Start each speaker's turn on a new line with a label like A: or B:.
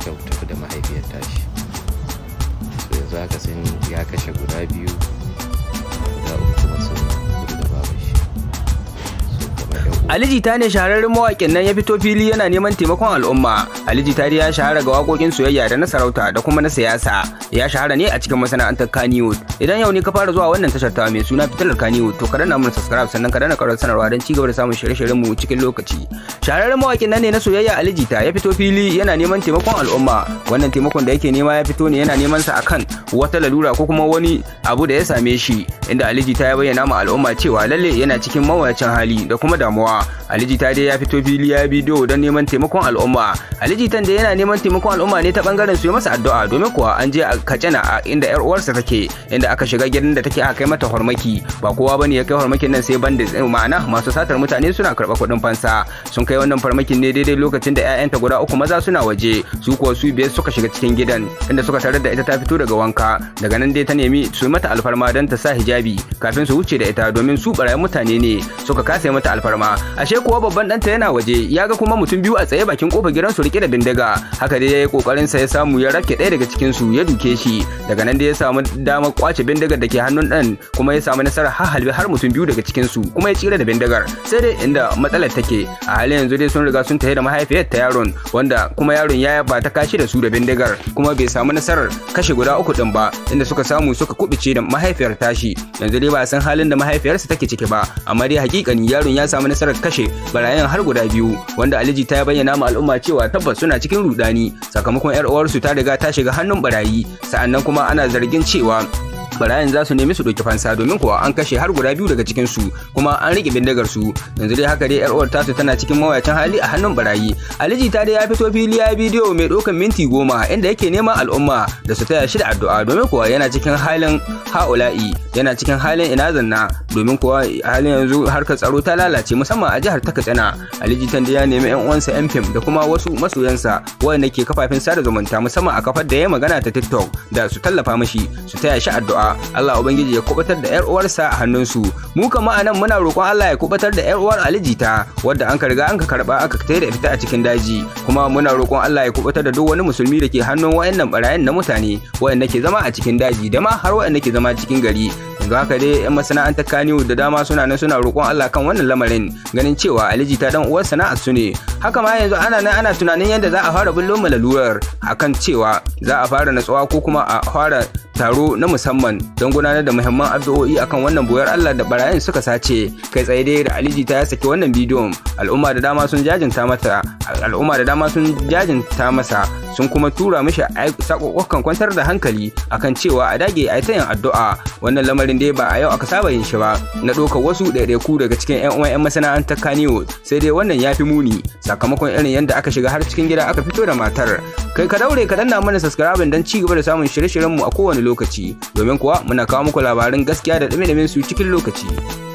A: kyautar da mahaifiyar tashi so yanzu haka sun ya kashe guda biyu Ali Jita ne shahararren mawaƙin nan ya fito fili yana neman taimakon al'umma. Ali Jita ya shahara ga waƙoƙin soyayya da na sarauta da kuma na siyasa. Ya shahara ne a cikin masana'antar Kaniwood. Idan yau ne ka fara zuwa wannan tashar ta mai suna fitilar Kannywood to ka danna mun subscribe sannan ka danna karar sanarwa don cigaba da samun shirye-shiryen mu cikin lokaci. Shahararren mawaƙin nan ne na soyayya Ali Jita ya fito fili yana neman taimakon al'umma. Wannan taimakon da yake nema ya fito ne yana neman sa akan wata lalura ko kuma wani abu da ya same shi. Inda Ali Jita ya bayyana ma al'umma cewa lalle yana cikin mawuyacin hali da kuma damuwa. al'umma aliji tade ya fito fili ya bidiyo don neman taimakon al'umma aliji da yana neman taimakon al'umma ne ta bangaren su yi masa addu'a domin kuwa an je a Katsina a inda yar uwarsa take inda aka shiga gidan da take aka kai mata hormaki ba kowa bane ya kai hormakin nan sai banda eh, ma'ana masu satar mutane suna karba kuɗin fansa sun kai wannan farmakin ne daidai lokacin da 'ya'yanta guda uku maza suna waje su kuwa su biyar suka shiga cikin gidan inda suka tarar da ita ta fito daga wanka daga nan dai ta nemi su mata alfarma don ta sa hijabi kafin su wuce da ita domin su barayin mutane ne suka kasa mata alfarma ashe kuwa babban ɗanta yana waje ya ga kuma mutum biyu a tsaye bakin kofar gidansu rike da bindiga haka dai ya yi kokarin sa ya samu ya rake ɗaya daga cikin su ya duke shi daga nan dai ya samu damar kwace bindigar da ke hannun ɗan kuma ya samu nasarar hahalbe har mutum biyu daga cikin su kuma ya tsira da bindigar sai dai inda matsalar take a halin yanzu dai sun riga sun tafi da mahaifiyar ta yaron wanda kuma yaron ya ba ta kashi da su da bindigar kuma bai samu nasarar kashe guda uku din ba inda suka samu suka kubice da mahaifiyar tashi yanzu dai ba san halin da mahaifiyarsa take ciki ba amma dai hakikani yaron ya samu nasarar kashe barayin har guda biyu wanda aliji ta bayyana ma al'umma cewa tabbas suna cikin rudani sakamakon yar uwarsu ta riga ta shiga hannun barayi sa'annan kuma ana zargin cewa barayin za su nemi su ɗauki fansa domin kuwa an kashe har guda biyu daga cikin su kuma an rike bindigar su yanzu dai haka dai yar uwar tasu tana cikin mawacin hali a hannun barayi aliji ta dai ya fito fili ya bidiyo mai ɗaukan minti goma inda yake neman al'umma da su taya shi da addu'a domin kuwa yana cikin halin ha'ula'i yana cikin halin ina zanna domin kuwa a halin yanzu harkar tsaro ta lalace musamman a jihar ta katsina aliji da ya nemi yan uwansa yan fim da kuma wasu masoyansa wanda ke kafafin sada zumunta musamman a kafar da ya magana ta tiktok da su tallafa mashi su taya shi addu'a allah ubangiji ya kubatar da yar uwarsa a hannunsu mu kama nan muna roƙon allah ya kubatar da yar uwar Alijita wadda an riga an ka karba aka kai da fita a cikin daji kuma muna roƙon allah ya kubatar da duk wani musulmi da ke hannun wa'annan barayin na mutane wayanda ke zama a cikin daji da ma har wayanda ke zama cikin gari ga haka dai yan masana'antar kaniwu da dama suna nan suna roƙon Allah kan wannan lamarin ganin cewa aliji ta dan uwar sana'ar su ne haka ma yanzu ana nan ana tunanin yadda za a fara bullo malalurar a akan cewa za a fara natsuwa ko kuma a fara taro na musamman don gudanar da muhimman addu'o'i akan wannan boyar Allah da barayin suka sace kai tsaye dai da Aliji ta saki wannan bidiyon al'umma da dama sun jajinta mata al'umma da dama sun jajinta masa sun kuma tura mishi sakokokan kwantar da hankali akan cewa a dage a ta yin addu'a wannan lamarin dai ba a yau aka saba yin shi ba na ɗaukar wasu ɗaiɗaiku daga cikin 'yan uwan 'yan masana'antar Kaniwood sai dai wannan ya fi muni sakamakon irin yadda aka shiga har cikin gida aka fito da matar kai ka daure ka danna mana subscribe don ci gaba da samun shirye-shiryenmu a kowane lokaci domin kuwa muna kawo muku labarin gaskiya da dumi-dumin su cikin lokaci